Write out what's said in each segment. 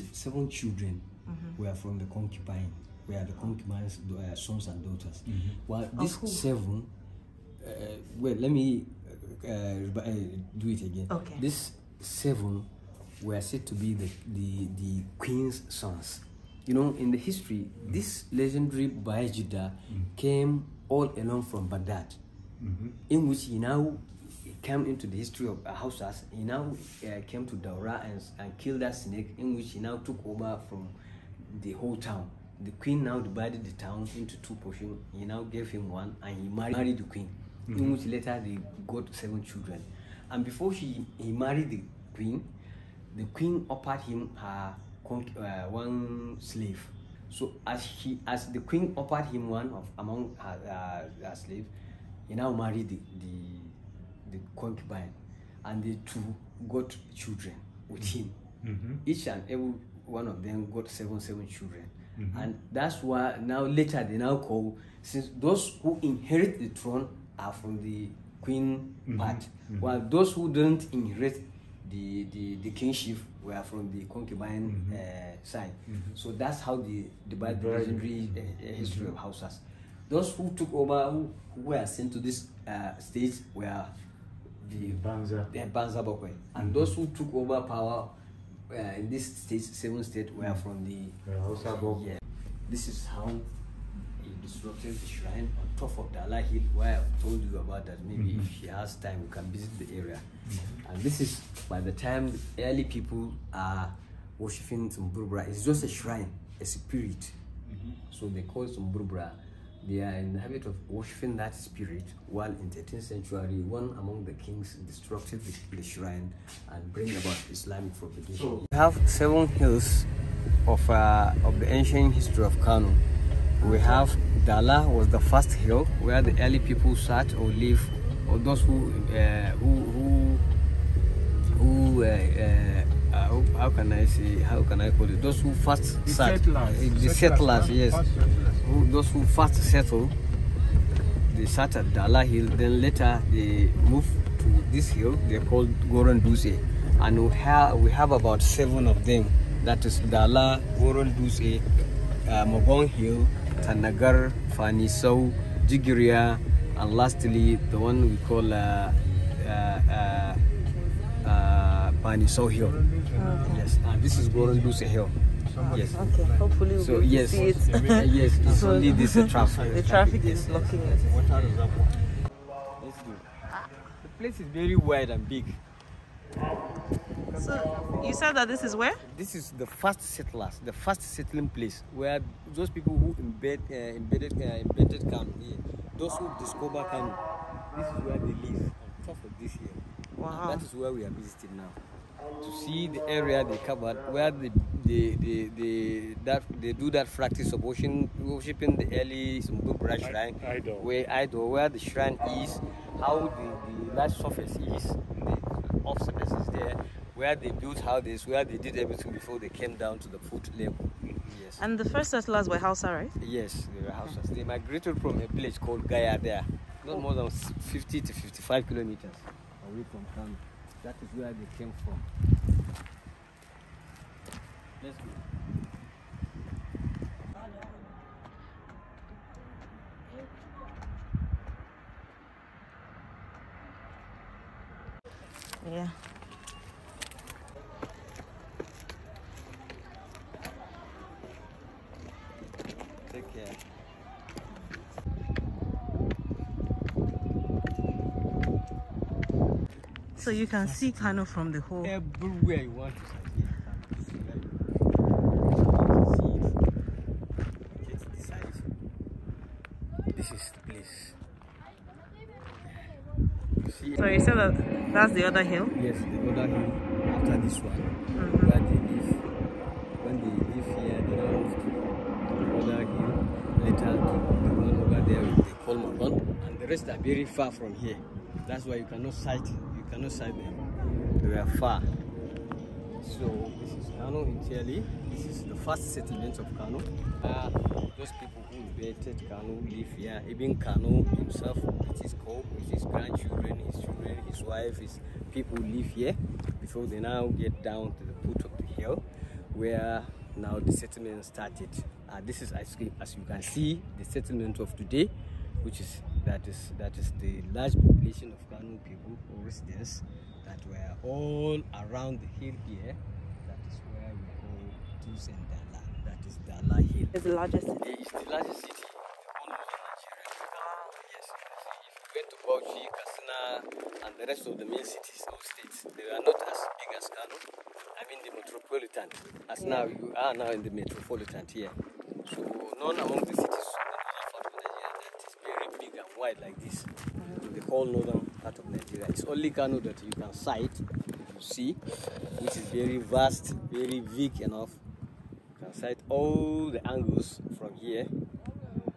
These seven children mm-hmm. were from the concubine, were the concubines' uh, sons and daughters. Mm-hmm. While these okay. seven, uh, well, let me uh, uh, do it again. Okay. These seven were said to be the, the, the queen's sons. You know, in the history, mm-hmm. this legendary Bayajida mm-hmm. came all along from Baghdad, mm-hmm. in which he now came into the history of Hausas, he now uh, came to Daura and, and killed that snake, in which he now took over from the whole town. The queen now divided the town into two portions. He now gave him one, and he married, the queen, mm -hmm. in mm-hmm. which later they got seven children. And before she, he married the queen, the queen offered him her uh, one slave. So as she as the queen offered him one of among her, uh, slaves, he now married the, the the concubine and the two got children with mm-hmm. him. Mm-hmm. Each and every one of them got seven, seven children. Mm-hmm. And that's why now later they now call, since those who inherit the throne are from the queen mm-hmm. part, mm-hmm. while those who don't inherit the, the, the kingship were from the concubine mm-hmm. uh, side. So that's how the the legendary uh, history of houses. Those who took over, who, who were sent to this uh, stage, were the Banza. The Banza Bokwe. And mm -hmm. those who took over power uh, in this state, seven state, were mm-hmm. from the Bokwe. Yeah. This is how he disrupted the shrine on top of the Allah Hill, where I told you about that. Maybe mm -hmm. if mm-hmm. he has time, we can visit the area. Mm -hmm. And this is by the time the early people are worshipping Tumburbra. It's just a shrine, a spirit. Mm-hmm. So they call it Tumburbra. They are in the habit of worshipping that spirit, while in 13th century, one among the kings destroyed the shrine and bring about Islamic propagation. We have seven hills of, uh, of the ancient history of Kano. We have Dala was the first hill where the early people sat or lived, or those who uh, who who, who uh, uh how, how, can I say, how can I call it, those who first sat, settlers. the settlers, settlers yes who, those who first settle, they start at Dala Hill, then later they move to this hill they are called Goronduze. And we, have we have about seven of them. That is Dala, Goronduze, Duse, uh, Hill, Tanagar, Fanisau, Jigiria, and lastly the one we call uh, uh, uh, uh Hill. Okay. Yes, and this is Goronduze Hill. Yes. Okay. Hopefully we'll so, yes. see it. yes. It's so only this uh, traffic. The traffic yes. is blocking it. Let's do. The place is very wide and big. So you said that this is where? This is the first settlers, the first settling place where those people who embed, uh, embedded uh, embedded camp, those who discover can. this is where they live top of this hill. Wow. And that is where we are visiting now to see the area they covered where they, they, they, they, that, they do that practice of worshiping, worshiping the early Sumbumbra shrine, I, idol. where idol, where the shrine is, how the, the surface is, the off surface is there, where they built houses, where they did everything before they came down to the foot level. Yes. And the first settlers were Hausa, right? Yes, they were Hausa. Okay. They migrated from a village called Gaia. there, not more than 50 to 55 kilometers away from town. That is where they came from. Let's go. Yeah. So you can see Kano from the whole... Everywhere you want to see. This is the place. so you said that that's the other hill? Yes, the other hill after this one. Mm -hmm. Where they live. When they live here, they are not to the other hill. Later to the one over there with the Coleman and the rest are very far from here. That's why you cannot sight you cannot sight them. They are far. So this is Kano entirely. This is the first settlement of Kano. Uh, those people who invented Kano live here. Even Kano himself, with his co, with his grandchildren, his children, his wife, his people live here before they now get down to the foot of the hill where now the settlement started. Uh, this is cream. as you can see the settlement of today, which is that is that is the large population of Kanu people or residents that were all around the hill here. That is where we go to Sendala. That is Dala Hill. It's the largest city. It's the largest city. Bauchi, Kasina, and the rest of the main cities or states, they are not as big as Kanu. I mean the metropolitan, as yeah. now you are now in the metropolitan here. So none among the cities like this, the whole northern part of Nigeria. It's only Kano that you can sight, you see, which is very vast, very big enough. You can sight all the angles from here,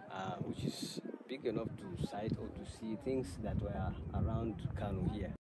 uh, which is big enough to sight or to see things that were around Kano here.